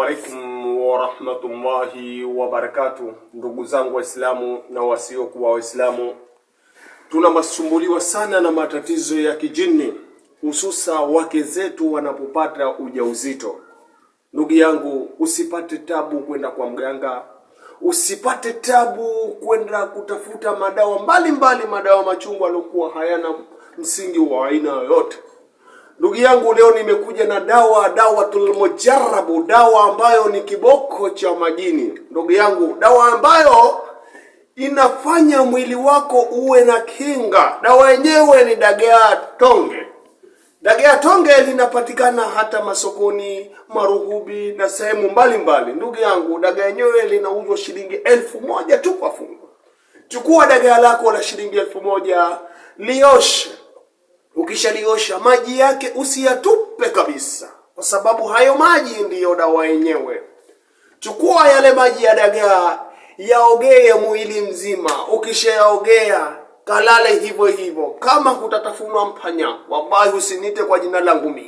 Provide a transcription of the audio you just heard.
Waalaikum warahmatullahi wabarakatu. Ndugu zangu Waislamu na wasiokuwa Waislamu, tunasumbuliwa sana na matatizo ya kijini, hususa wake zetu wanapopata ujauzito. Ndugu yangu, usipate tabu kwenda kwa mganga, usipate tabu kwenda kutafuta madawa mbalimbali mbali, madawa machungwa aliokuwa hayana msingi wa aina yoyote. Ndugu yangu, leo nimekuja na dawa, dawa mujarabu, dawa ambayo ni kiboko cha majini. Ndugu yangu, dawa ambayo inafanya mwili wako uwe na kinga. Dawa yenyewe ni dagaa tonge. Dagaa tonge linapatikana hata masokoni, maruhubi na sehemu mbalimbali. Ndugu yangu, dagaa yenyewe linauzwa shilingi elfu moja tu kwa fungu. Chukua dagaa lako la shilingi elfu moja lioshe Ukishaliosha maji yake usiyatupe kabisa, kwa sababu hayo maji ndiyo dawa yenyewe. Chukua yale maji ya dagaa, yaogee mwili mzima. Ukishayaogea kalale hivyo hivyo, kama kutatafunwa mpanya. Wallahi, usinite kwa jina langu mimi.